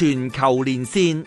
全球連線，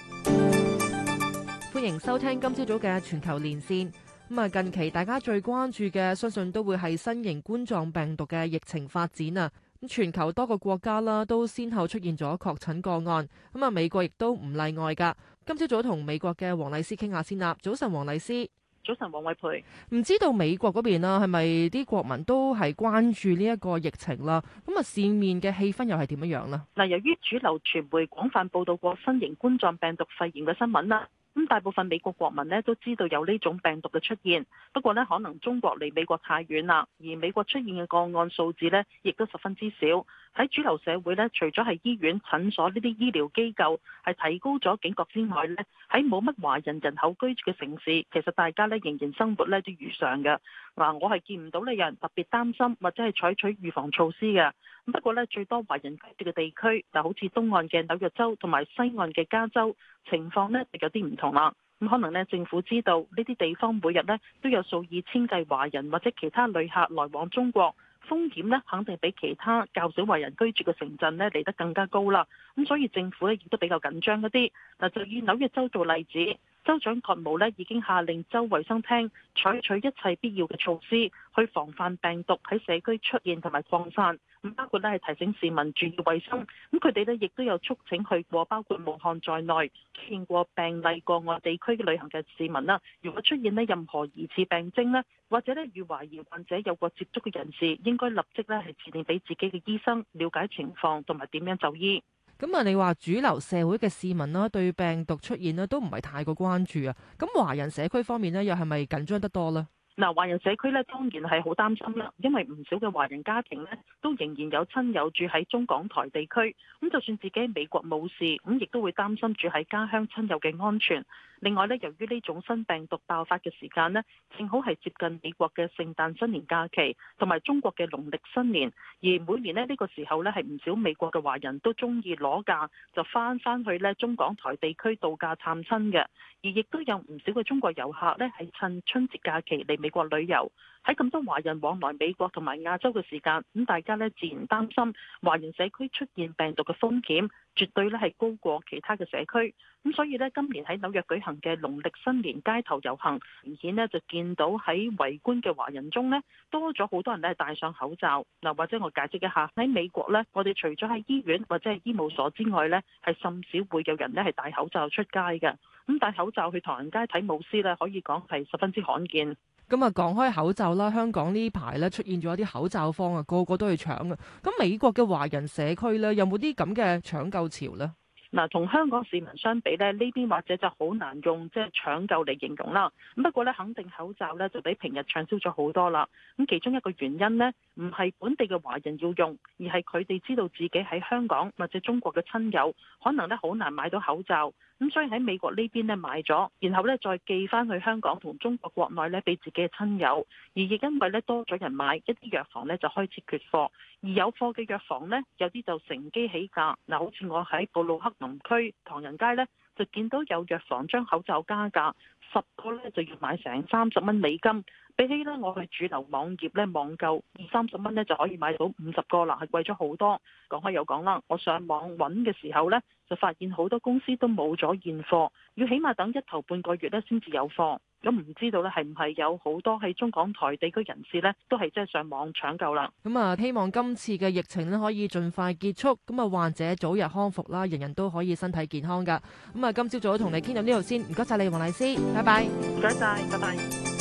歡迎收聽今朝早嘅全球連線。咁啊，近期大家最關注嘅，相信都會係新型冠狀病毒嘅疫情發展啊。咁全球多個國家啦，都先後出現咗確診個案。咁啊，美國亦都唔例外噶。今朝早同美國嘅黃麗施傾下先啦。早晨黃麗施，黃麗施。早晨，王慧蓓。唔知道美國嗰邊啦，係咪啲國民都係關注呢一個疫情啦？咁啊，市面嘅氣氛又係點樣樣咧？嗱，由於主流傳媒廣泛報道過新型冠狀病毒肺炎嘅新聞啦。咁大部分美國國民呢都知道有呢種病毒嘅出現，不過呢可能中國離美國太遠啦，而美國出現嘅個案數字呢亦都十分之少。喺主流社會呢，除咗係醫院、診所呢啲醫療機構係提高咗警覺之外呢，喺冇乜華人人口居住嘅城市，其實大家呢仍然生活呢都如常嘅。嗱、啊，我係見唔到呢有人特別擔心或者係採取預防措施嘅。不過呢，最多華人居住嘅地區，嗱，好似東岸嘅紐約州同埋西岸嘅加州，情況呢有啲唔同啦。咁可能呢，政府知道呢啲地方每日呢都有數以千計華人或者其他旅客來往中國，風險呢肯定比其他較少華人居住嘅城鎮呢嚟得更加高啦。咁所以政府呢，亦都比較緊張一啲。嗱，就以紐約州做例子。州長葛武咧已經下令州衞生廳採取一切必要嘅措施，去防範病毒喺社區出現同埋擴散。包括咧係提醒市民注意衞生。咁佢哋咧亦都有促請去過包括武漢在內見過病例過外地區旅行嘅市民啦。如果出現咧任何疑似病徵咧，或者咧與懷疑患者有過接觸嘅人士，應該立即咧係致電俾自己嘅醫生，了解情況同埋點樣就醫。咁啊、嗯，你話主流社會嘅市民啦、啊，對病毒出現咧、啊、都唔係太過關注啊。咁、嗯、華人社區方面咧，又係咪緊張得多咧？嗱，華人社區咧，當然係好擔心啦，因為唔少嘅華人家庭咧，都仍然有親友住喺中港台地區，咁就算自己美國冇事，咁亦都會擔心住喺家鄉親友嘅安全。另外咧，由於呢種新病毒爆發嘅時間咧，正好係接近美國嘅聖誕新年假期，同埋中國嘅農曆新年，而每年咧呢呢個時候咧，係唔少美國嘅華人都中意攞假就翻翻去咧中港台地區度假探親嘅，而亦都有唔少嘅中國遊客咧係趁春節假期嚟美國旅遊喺咁多華人往來美國同埋亞洲嘅時間，咁大家咧自然擔心華人社區出現病毒嘅風險，絕對咧係高過其他嘅社區。咁所以咧，今年喺紐約舉行嘅農曆新年街頭遊行，明顯咧就見到喺圍觀嘅華人中咧多咗好多人都係戴上口罩。嗱，或者我解釋一下喺美國咧，我哋除咗喺醫院或者係醫務所之外咧，係甚少會有人咧係戴口罩出街嘅。咁戴口罩去唐人街睇舞獅咧，可以講係十分之罕見。咁啊，講開口罩啦，香港呢排咧出現咗一啲口罩荒啊，個個都去搶啊。咁美國嘅華人社區咧，有冇啲咁嘅搶救潮呢？嗱，同香港市民相比咧，呢邊或者就好難用即係、就是、搶救嚟形容啦。不過咧，肯定口罩咧就比平日暢銷咗好多啦。咁其中一個原因呢，唔係本地嘅華人要用，而係佢哋知道自己喺香港或者中國嘅親友可能咧好難買到口罩。咁所以喺美國呢邊呢買咗，然後呢再寄翻去香港同中國國內呢俾自己嘅親友，而亦因為呢多咗人買，一啲藥房呢就開始缺貨，而有貨嘅藥房呢，有啲就乘機起價。嗱，好似我喺布魯克林區唐人街呢。就見到有藥房將口罩加價十個呢，就要買成三十蚊美金，比起呢我去主流網頁呢網購二三十蚊呢就可以買到五十個啦，係貴咗好多。講開又講啦，我上網揾嘅時候呢，就發現好多公司都冇咗現貨，要起碼等一頭半個月呢先至有貨。咁唔知道咧，係唔係有好多喺中港台地區人士呢都係即係上網搶救啦。咁啊，希望今次嘅疫情呢可以盡快結束，咁啊患者早日康復啦，人人都可以身體健康噶。咁啊，今朝早同你傾到呢度先，唔該晒你黃麗施，拜拜，唔該晒，拜拜。